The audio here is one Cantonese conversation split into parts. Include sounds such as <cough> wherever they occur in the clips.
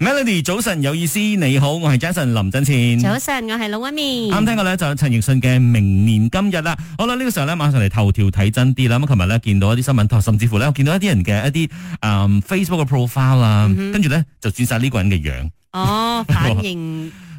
Melody，早晨有意思，你好，我係 Jason 林振倩。早晨，我係老屈面。啱聽過咧就係陳奕迅嘅明年今日啦。好啦，呢個時候咧馬上嚟頭條睇真啲啦。咁琴日咧見到一啲新聞，甚至乎咧我見到一啲人嘅一啲誒、嗯、Facebook 嘅 profile 啦，跟住咧就轉晒呢個人嘅樣。哦，反應 <laughs>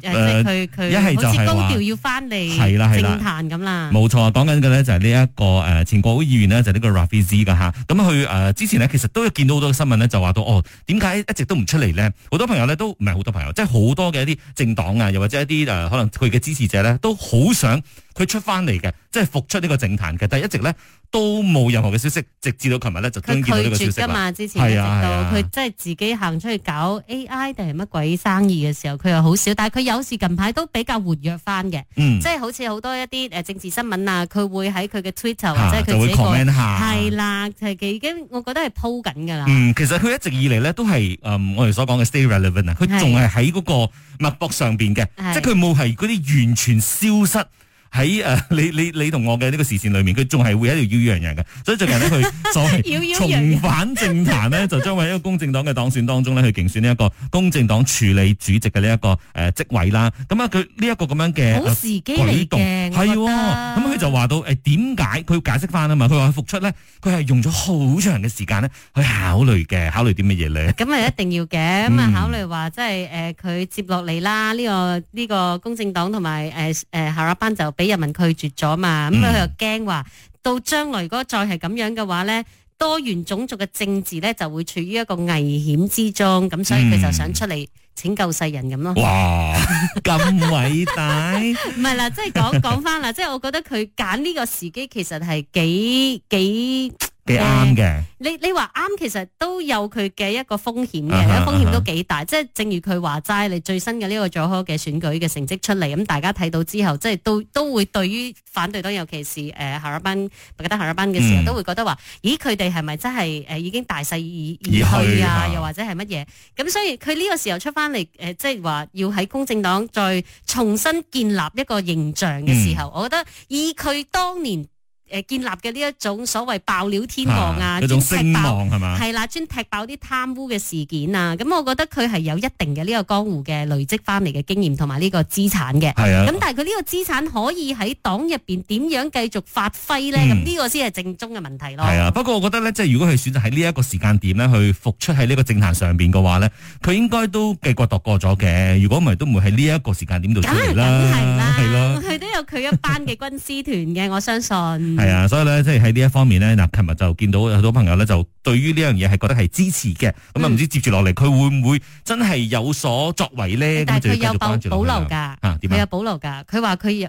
誒，即係佢佢好似高調要翻嚟，係啦，係啦，政壇咁啦，冇錯，講緊嘅咧就係呢一個誒，前國會議員呢，就係呢個 Rafizi 噶吓，咁佢誒之前咧其實都見到好多新聞咧，就話到哦，點解一直都唔出嚟咧？好多朋友咧都唔係好多朋友，即係好多嘅一啲政黨啊，又或者一啲誒，可能佢嘅支持者咧都好想。佢出翻嚟嘅，即係復出呢個政壇嘅，但係一直咧都冇任何嘅消息，直至到琴日咧就聽見呢個消息啦。係啊，佢即係自己行出去搞 A I 定係乜鬼生意嘅時候，佢又好少。但係佢有時近排都比較活躍翻嘅，即係、嗯、好似好多一啲誒政治新聞啊，佢會喺佢嘅 Twitter、啊、或者佢自己 comment 下，係啦，係已經我覺得係鋪緊噶啦。嗯，其實佢一直以嚟咧都係誒、嗯、我哋所講嘅 stay relevant 啊，佢仲係喺嗰個脈搏上邊嘅，即係佢冇係嗰啲完全消失。喺誒、啊、你你你同我嘅呢個視線裏面，佢仲係會喺度要樣樣嘅，所以最近呢，佢再重返政壇呢，就將喺一個公正黨嘅黨選當中呢，去競選呢一個公正黨署理主席嘅呢一個誒職位啦。咁啊佢呢一個咁樣嘅舉動係，咁佢就話到誒點解佢要解釋翻啊嘛？佢話佢復出呢，佢係用咗好長嘅時間呢去考慮嘅，考慮啲乜嘢咧？咁啊一定要嘅，咁啊、 <laughs> 嗯、考慮話即係誒佢接落嚟啦，呢、這個呢、這個公正黨同埋誒誒下一班就。俾人民拒絕咗嘛，咁佢又驚話到將來如果再係咁樣嘅話咧，多元種族嘅政治咧就會處於一個危險之中，咁所以佢就想出嚟拯救世人咁咯、嗯。哇！咁偉大，唔係 <laughs> 啦，即係講講返啦，即係 <laughs> 我覺得佢揀呢個時機其實係幾幾。啱嘅、嗯，你你話啱，其實都有佢嘅一個風險嘅，uh huh, uh huh. 風險都幾大。即、就、係、是、正如佢話齋，你最新嘅呢個佐科嘅選舉嘅成績出嚟，咁大家睇到之後，即係都都會對於反對黨，尤其是誒哈拉班，我記得哈拉班嘅時候，嗯、都會覺得話，咦，佢哋係咪真係誒、呃、已經大勢已去啊？去啊又或者係乜嘢？咁所以佢呢個時候出翻嚟，誒、呃，即係話要喺公正黨再重新建立一個形象嘅時候，嗯、我覺得以佢當年。誒，建立嘅呢一種所謂爆料天王啊，嗰種聲望係嘛？係啦吧，專踢爆啲貪污嘅事件啊！咁我覺得佢係有一定嘅呢個江湖嘅累積翻嚟嘅經驗同埋呢個資產嘅。係啊，咁但係佢呢個資產可以喺黨入面點樣繼續發揮咧？咁呢個先係正宗嘅問題咯。係啊，不過我覺得咧，即係如果佢選擇喺呢一個時間點咧去復出喺呢個政壇上面嘅話咧，佢應該都計過度過咗嘅。如果唔係，都唔會喺呢一個時間點度出嚟啦。梗係啦，係咯，佢都、啊、有佢一班嘅軍師團嘅， <laughs> 我相信。係啊，所以咧，即係喺呢一方面咧，嗱，琴日就見到有好多朋友咧，就對於呢樣嘢係覺得係支持嘅。咁啊、嗯，唔知接住落嚟佢會唔會真係有所作為咧？但係佢有保保留㗎，佢有保留㗎。佢話佢誒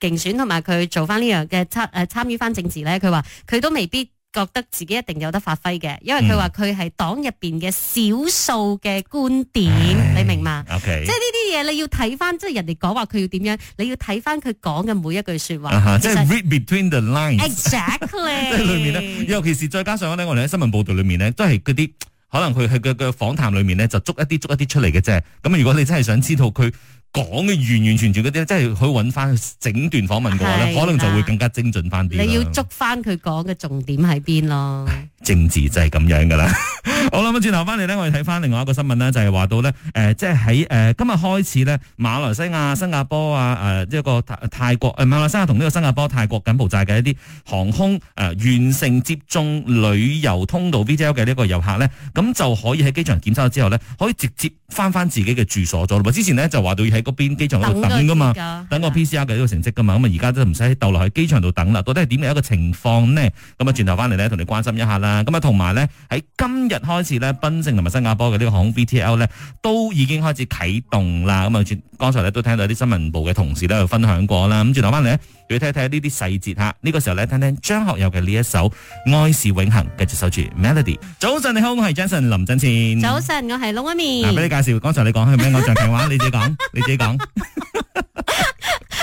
競選同埋佢做翻呢樣嘅參誒參與翻政治咧，佢話佢都未必覺得自己一定有得發揮嘅，因為佢話佢係黨入邊嘅少數嘅觀點，嗯、你明嘛？Okay 即係呢啲嘢，你要睇翻，即係人哋講話佢要點樣，你要睇翻佢講嘅每一句說話，啊、實即係 read between the lines Exactly。e x a c t l y 即係裏面咧，尤其是再加上咧，我哋喺新聞報道裏面咧，都係嗰啲可能佢係佢嘅訪談裏面咧，就捉一啲捉一啲出嚟嘅啫。咁如果你真係想知道佢。講嘅完完全全嗰啲咧，即係去搵翻整段訪問嘅話咧，的可能就會更加精準翻啲。你要捉翻佢講嘅重點喺邊咯。政治就係咁樣噶啦。 <laughs> 好啦，咁轉頭翻嚟咧，我哋睇翻另外一個新聞咧，就係、是、話到咧，誒、呃，即係喺誒今日開始咧，馬來西亞、新加坡啊，誒、呃，一、呢個泰泰國誒，馬來西亞同呢個新加坡泰國柬埔寨嘅一啲航空誒、呃，完成接種旅遊通道 VJL 嘅呢個遊客咧，咁就可以喺機場檢測之後咧，可以直接翻翻自己嘅住所咗。之前咧就話到要喺嗰邊機場度等噶嘛，等個 PCR 嘅呢個成績噶嘛。咁啊而家都唔使逗落去機場度等啦。到底係點樣一個情況呢？咁啊轉頭翻嚟咧，同你關心一下啦。咁啊，同埋咧，喺今日開始咧，檳城同埋新加坡嘅呢個航空 VTL 咧，都已經開始啟動啦。咁啊，剛才咧都聽到啲新聞部嘅同事都有分享過啦。咁轉頭翻嚟咧，要睇睇呢啲細節吓。呢個時候咧，聽聽張學友嘅呢一首《愛是永恆》，繼續守住 Melody。早晨你好，我係 Jason 林振綺。早晨，我係龍一鳴。嗱，俾你介紹，剛才你講係咩？偶像電話？你自己講，你自己講。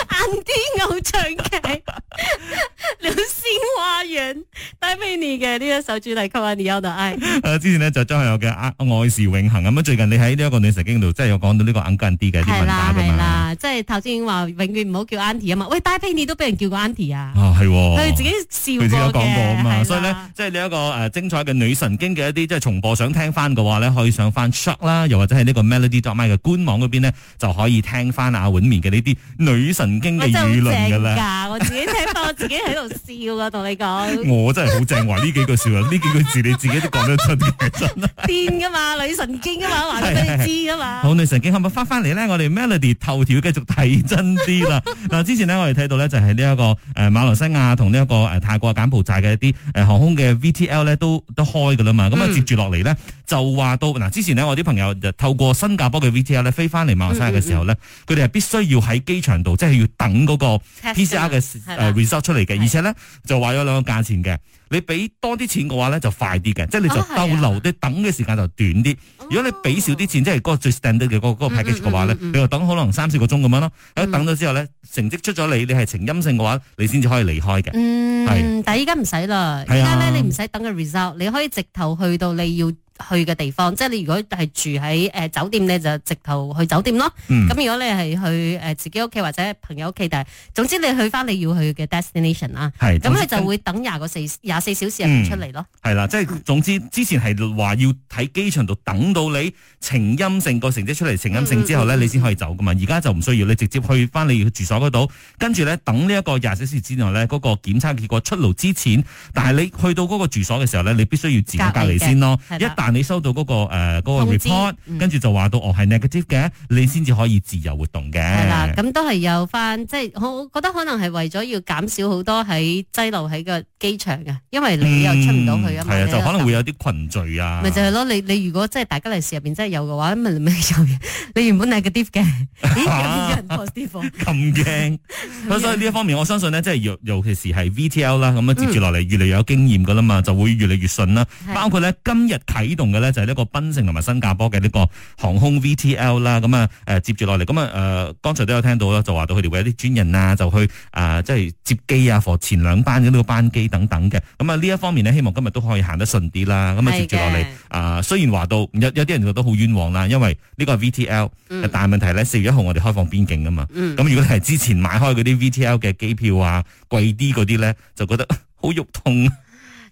銀啲偶像劇。 <laughs> 流星花園，戴佩妮嘅呢一首主題曲《你要的愛》。誒，之前呢，就張學友嘅《啊愛是永恒》。咁啊，最近你喺呢一個女神經度，即係有講到呢個硬根啲嘅啲問答噶嘛？係啦係啦，即係頭先話永遠唔好叫 Auntie 啊嘛。喂，戴佩妮都俾人叫過 Auntie 啊。哦，係。佢自己笑過。佢自己有講過啊嘛。的所以呢，即係呢一個誒精彩嘅女神經嘅一啲即係重播，想聽翻嘅話呢，可以上翻 Shock 啦，又或者係呢個 Melody Drama 嘅官網嗰邊呢，就可以聽翻阿碗面嘅呢啲女神經嘅議論噶啦。我就正噶，我自己聽翻我自己。 <laughs> 笑啊！同你講，我真係好正話呢幾句笑呀。呢 <laughs> 幾句字你自己都講得出嘅真啊！癲噶 <laughs> 嘛，嘛，嘛，女神經噶嘛，話俾你知噶嘛。好女神經，係咪翻翻嚟呢？我哋 Melody 頭條繼續睇真啲啦。嗱， <laughs> 之前呢，我哋睇到呢就係呢一個誒馬來西亞同呢一個誒泰國柬埔寨嘅一啲誒航空嘅 VTL 咧都都開噶啦嘛。咁啊、嗯、接住落嚟呢，就話到嗱，之前呢，我啲朋友就透過新加坡嘅 VTL 咧飛翻嚟馬來西亞嘅時候呢，佢哋係必須要喺機場度即係要等嗰個 PCR 嘅 result 出嚟嘅。嗯嗯嗯而且咧就話有兩個價錢嘅，你俾多啲錢嘅話咧就快啲嘅，即係你就逗留啲、哦啊、等嘅時間就短啲。哦、如果你俾少啲錢，即係嗰最 standard 嘅嗰嗰個 package 嘅話咧，嗯嗯嗯、你就等可能三四個鐘咁樣咯。喺、嗯、等咗之後咧，成績出咗你，你係呈陰性嘅話，你先至可以離開嘅。嗯，是但係依家唔使啦，依家咧你唔使等嘅 result，你可以直頭去到你要。去嘅地方，即係你如果係住喺誒酒店咧，就直頭去酒店咯。咁、嗯、如果你係去誒自己屋企或者朋友屋企，但係總之你去翻你要去嘅 destination 啦。咁你就會等廿個四廿四小時就出嚟咯。係啦、嗯，即係總之之前係話要喺機場度等到你呈陰性個成績出嚟，呈陰性之後咧你先可以走噶嘛。而家就唔需要，你直接去翻你住所嗰度，跟住咧等呢一個廿四小時之內咧嗰個檢測結果出爐之前，但係你去到嗰個住所嘅時候咧，你必須要自我隔離先咯。一但、啊、你收到嗰、嗰個誒 report，跟住就話到我係 negative 嘅，你先至可以自由活動嘅。係啦、咁都係有翻，即、就、係、是、我，我覺得可能係為咗要減少好多喺滯留喺個機場嘅，因為你又出唔到去啊嘛。係啊、嗯，就可能會有啲群聚啊。咪就係咯，你你如果即係大吉利是入面真係有嘅話，咪咪有嘅。你原本 negative 嘅，咦？有冇人 positive 啊？咁驚。所以呢一方面，我相信呢，即係尤其是係 VTL 啦，咁樣接住落嚟越嚟越有經驗噶啦嘛，就會越嚟越順啦。的包括咧今日睇。動嘅咧就係呢個檳城同埋新加坡嘅呢個航空 VTL 啦、嗯，咁啊誒接住落嚟，咁啊誒剛才都有聽到啦，就話到佢哋會有啲專人啊，就去誒、呃、即係接機啊，或前兩班嘅呢、這個班機等等嘅，咁啊呢一方面咧，希望今日都可以行得順啲啦，咁、嗯、啊接住落嚟啊，雖然話到有有啲人覺得好冤枉啦，因為呢個係 VTL，但係問題咧，四月一號我哋開放邊境噶嘛，咁、嗯嗯、如果係之前買開嗰啲 VTL 嘅機票啊貴啲嗰啲咧，就覺得好肉痛。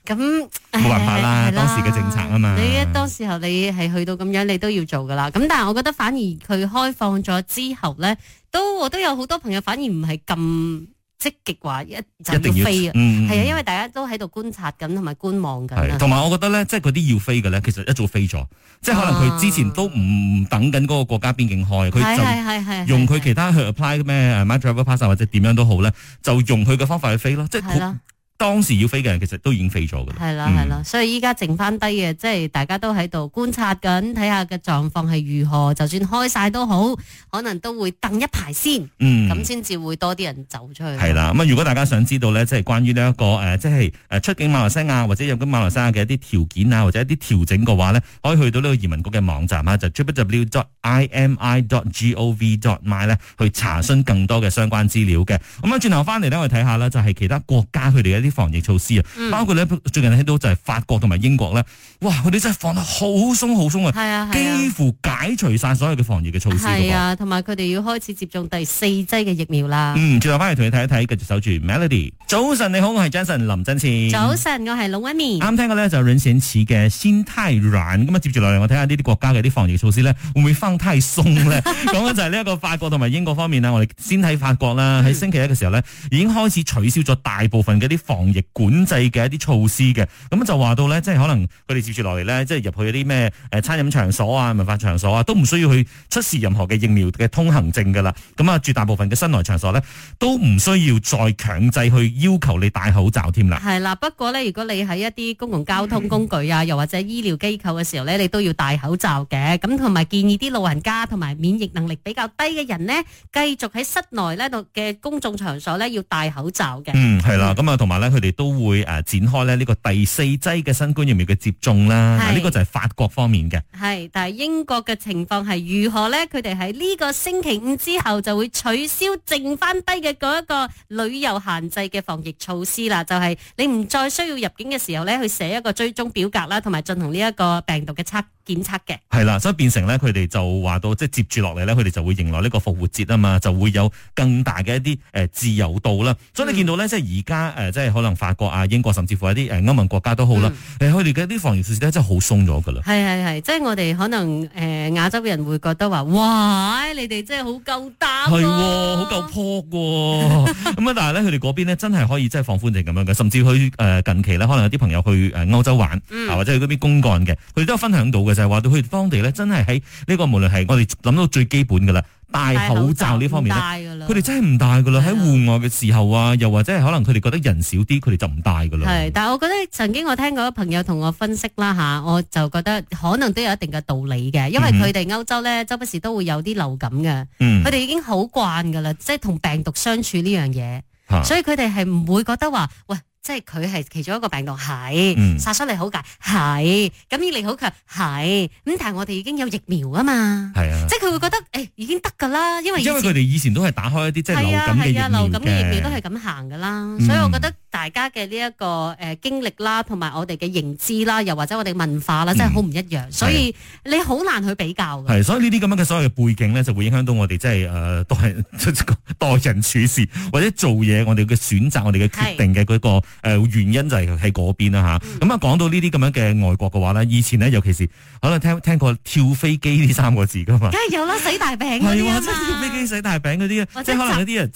咁冇那辦法啦，當時嘅政策啊嘛。你當時候你係去到咁樣，你都要做噶啦。咁但係我覺得反而佢開放咗之後咧，都我都有好多朋友反而唔係咁積極話一定要飛啊。係、嗯、啊，因為大家都喺度觀察緊同埋觀望緊。同埋我覺得咧，即係嗰啲要飛嘅咧，其實一早飛咗。即係可能佢之前都唔等緊嗰個國家邊境開，佢、啊、就用佢其他去 apply 咩 e n t r a v e l pass 或者點樣都好咧，就用佢嘅方法去飛咯。即係。當時要飛嘅人其實都已經飛咗㗎的，係啦，係啦，所以依家剩翻低嘅，即係大家都喺度觀察緊，睇下嘅狀況係如何，就算開晒都好，可能都會等一排先，嗯，咁先至會多啲人走出去。係啦的，咁啊、嗯，如果大家想知道咧，即係關於呢一個誒，即係誒出境馬來西亞或者入境馬來西亞嘅一啲條件啊，嗯、或者一啲調整嘅話咧，可以去到呢個移民局嘅網站啊，就是、www.imi.gov.my 咧去查詢更多嘅相關資料嘅。咁、嗯、啊，轉頭翻嚟咧，我哋睇下啦，就係、是、其他國家佢哋一啲。防疫措施啊，嗯、包括咧最近聽到就係法國同埋英國咧，哇！佢哋真係放得好鬆好鬆啊，幾乎解除晒所有嘅防疫嘅措施嘅噃，同埋佢哋要開始接種第四劑嘅疫苗啦。嗯，最後翻嚟同你睇一睇，繼續守住 Melody。早晨你好，我係 Jason 林振志。早晨，我係 Louis。啱聽嘅咧就 r a i n 嘅先太軟，咁啊接住落嚟我睇下呢啲國家嘅啲防疫措施咧會唔會放太鬆咧？講緊 <laughs> 就係呢一個法國同埋英國方面呢。我哋先喺法國啦，喺星期一嘅時候呢、嗯、已經開始取消咗大部分嘅啲防疫管制嘅一啲措施嘅，咁就話到咧，即係可能佢哋接住落嚟咧，即係入去啲咩誒餐飲場所啊、文化場所啊，都唔需要去出示任何嘅疫苗嘅通行證噶啦。咁啊，絕大部分嘅室內場所咧，都唔需要再強制去要求你戴口罩添啦。係啦，不過咧，如果你喺一啲公共交通工具啊，又或者醫療機構嘅時候咧，你都要戴口罩嘅。咁同埋建議啲老人家同埋免疫能力比較低嘅人咧，繼續喺室內咧度嘅公眾場所咧要戴口罩嘅。嗯，係啦，咁啊，同埋咧。佢哋都會誒展開咧呢個第四劑嘅新冠疫苗嘅接種啦，呢是、啊呢個就係法國方面嘅。係，但係英國嘅情況係如何咧？佢哋喺呢個星期五之後就會取消剩翻低嘅嗰一個旅遊限制嘅防疫措施啦，就係、是、你唔再需要入境嘅時候咧，去寫一個追蹤表格啦，同埋進行呢一個病毒嘅測檢測嘅係啦，所以變成咧，佢哋就話到，即係接住落嚟咧，佢哋就會迎來呢個復活節啊嘛，就會有更大嘅一啲誒自由度啦。嗯、所以你見到咧，即係而家誒，即係可能法國啊、英國，甚至乎一啲誒歐盟國家都好啦。誒、嗯，佢哋嘅啲防疫措施真係好鬆咗噶啦。係係係，即、就、係、是、我哋可能誒亞、呃、洲人會覺得話，哇！你哋真係好夠膽，係，好夠撲喎！」咁啊，啊 <laughs> 但係咧，佢哋嗰邊咧真係可以，即係放寬成咁樣嘅，甚至去誒近期咧，可能有啲朋友去誒歐洲玩，嗯、或者去嗰邊公幹嘅，佢哋都有分享到嘅。就係話到佢哋當地咧、這個，真係喺呢個無論係我哋諗到最基本噶啦，戴口罩呢方面咧，佢哋真係唔戴噶啦。喺戶外嘅時候啊，又或者係可能佢哋覺得人少啲，佢哋就唔戴噶啦。係，但係我覺得曾經我聽過一個朋友同我分析啦吓，我就覺得可能都有一定嘅道理嘅，因為佢哋歐洲咧，周不時都會有啲流感嘅，佢哋、嗯、已經好慣噶啦，即係同病毒相處呢樣嘢，所以佢哋係唔會覺得話喂。即係佢係其中一個病毒，係殺傷力好強，係感染力好強，係咁，但係我哋已經有疫苗啊嘛，係啊，即係佢會覺得誒、欸、已經得噶啦，因為因為佢哋以前都係打開一啲即係流感嘅、係啊、係啊、流感嘅疫苗都係咁行噶啦，所以我覺得。嗯大家嘅呢一個誒經歷啦，同埋我哋嘅認知啦，又或者我哋文化啦，嗯、真係好唔一樣，所以你好難去比較嘅。係，所以呢啲咁樣嘅所謂嘅背景咧，就會影響到我哋即係誒待待人處事，或者做嘢，我哋嘅選擇，我哋嘅決定嘅嗰誒個原因就係喺嗰邊啦吓，咁啊、嗯，講到呢啲咁樣嘅外國嘅話咧，以前咧，尤其是可能聽聽過跳飛機呢三個字噶嘛。梗係有啦，洗大餅。係，跳、 <laughs> 啊、飛機洗大餅嗰啲即可能有啲人。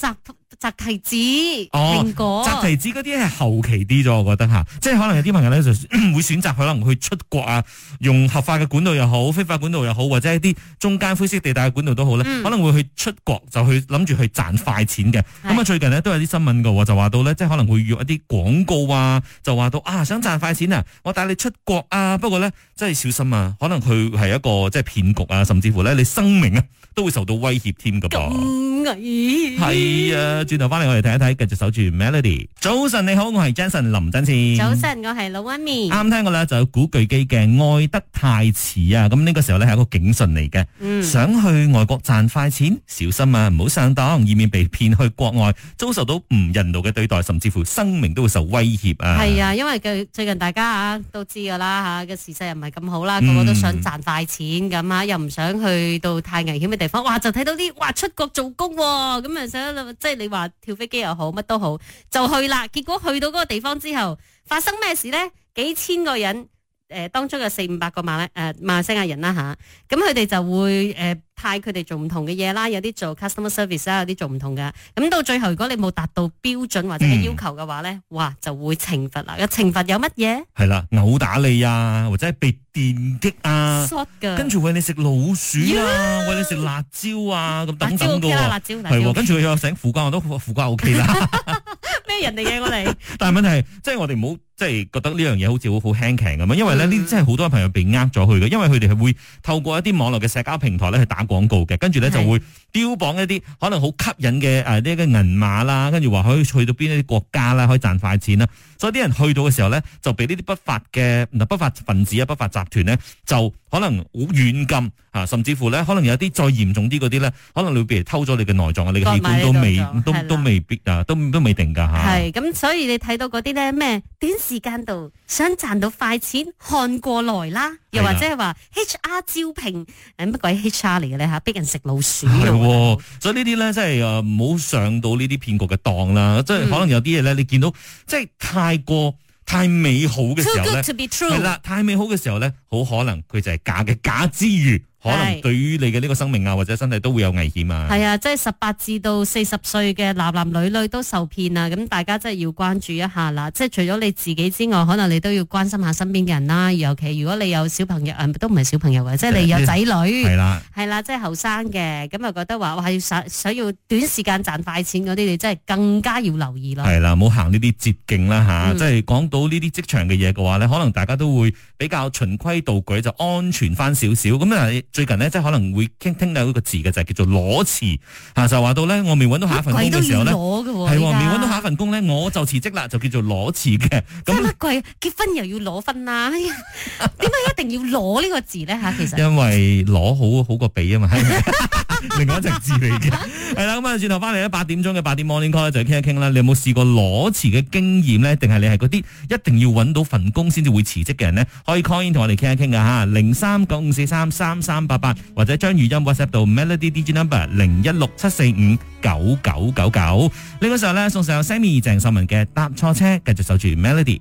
摘提子，哦，果摘提子嗰啲係後期啲咗，我覺得吓，即係可能有啲朋友咧就會選擇可能去出國啊，用合法嘅管道又好，非法管道又好，或者一啲中間灰色地帶嘅管道都好咧，嗯、可能會去出國就去諗住去賺快錢嘅。咁啊是，最近呢，都有啲新聞喎，就話到咧，即係可能會約一啲廣告啊，就話到啊，想賺快錢啊，我帶你出國啊，不過咧真係小心啊，可能佢係一個即係騙局啊，甚至乎咧你生命啊都會受到威脅添噶噃，係是啊。轉頭翻嚟，我哋睇一睇，繼續守住 Melody。早晨你好，我係 Jason 林振賢。早晨，我係老媽咪。啱聽過啦，就有古巨基嘅《愛得太遲》啊，咁呢個時候咧係一個警訊嚟嘅。嗯、想去外國賺快錢，小心啊，唔好上當，以免被騙去國外，遭受到唔人道嘅對待，甚至乎生命都會受威脅啊。係啊，因為最近大家都知噶啦吓，嘅時勢又唔係咁好啦，個個都想賺快錢咁啊、嗯、又唔想去到太危險嘅地方。哇，就睇到啲哇出國做工咁啊，想即係你跳飛機又好，乜都好，就去啦。結果去到嗰個地方之後，發生咩事咧？幾千個人。誒，當初有四五百個馬誒、呃、馬來西亞人啦吓，咁佢哋就會誒、呃、派佢哋做唔同嘅嘢啦，有啲做 customer service 啦，有啲做唔同嘅，咁到最後如果你冇達到標準或者要求嘅話咧，嗯、哇，就會懲罰啦。個懲罰有乜嘢？係啦，毆打你啊，或者被電擊啊，跟住餵你食老鼠呀、啊，餵 Yeah! 你食辣椒啊，咁等風噶跟住又醒苦瓜我都苦瓜 OK 啦，咩 <laughs> 人哋嘅我哋？ <laughs> 但係問題係，即、就、係、是、我哋唔好。即係覺得呢樣嘢好似好好輕鬆咁樣。因為呢呢，嗯、真係好多朋友被呃咗去嘅，因為佢哋係會透過一啲網絡嘅社交平台去打廣告嘅，跟住呢是就會標榜一啲可能好吸引嘅誒呢啲銀碼啦，跟住話可以去到邊一啲國家啦，可以賺快錢啦，所以啲人去到嘅時候呢，就俾呢啲不法嘅不法分子啊、不法集團呢，就可能好軟禁啊，甚至乎呢，可能有啲再嚴重啲嗰啲呢，可能你會偷咗你嘅內臟，你嘅器官都未都的都未必啊，都未都，未都未定㗎吓。係，咁、啊、所以你睇到嗰啲呢咩？時間度想賺到快錢，看過來啦！又或者係話 H R 招聘誒，乜鬼的、哎、H R 嚟嘅咧吓，逼人食老鼠嘅。的所以呢啲咧，真係誒，唔好上到呢啲騙局嘅當啦。即係、嗯、可能有啲嘢咧，你見到即係太過太美好嘅時候咧，Too good to be true，係啦，太美好嘅時候咧，好可能佢就係假嘅，假之餘。可能對於你嘅呢個生命啊，或者身體都會有危險啊。係啊，即係十八至到四十歲嘅男男女女都受騙啊，咁大家真係要關注一下啦。即係除咗你自己之外，可能你都要關心一下身邊嘅人啦。尤其如果你有小朋友，都唔係小朋友或，啊，者你有仔女，係啦，啊，係啦，啊，即係後生嘅，咁又，啊就是，覺得話哇，想想要短時間賺快錢嗰啲，你真係更加要留意啦。係，啊，啦，冇行呢啲捷徑啦吓。嗯，即係講到呢啲職場嘅嘢嘅話咧，可能大家都會比較循規蹈矩，就安全翻少少。咁最近咧，即係可能會傾聽到一個字嘅，就係、是、叫做裸辭，吓就話到咧，我未搵到下一份工嘅時候咧，係喎、啊，未搵吧在到下一份工咧，我就辭職啦，就叫做裸辭嘅。咁乜鬼？結婚又要裸婚啊？點解 <laughs> 一定要裸呢個字咧？吓，其實因為裸好好過俾啊嘛。係 <laughs> 另外一隻字嚟嘅，係、嗯、啦，咁啊，轉頭翻嚟咧，八點鐘嘅八點 morning call 咧，就傾一傾啦。你有冇試過裸辭嘅經驗呢？定係你係嗰啲一定要揾到份工先至會辭職嘅人呢？可以 call in 同我哋傾一傾嘅吓，零三九五四三三三八八，或者將語音 WhatsApp 到 melody DJ number 零一六七四五九九九九。呢、這個時候咧，送上 Sammy 鄭秀文嘅搭錯車，繼續守住 melody。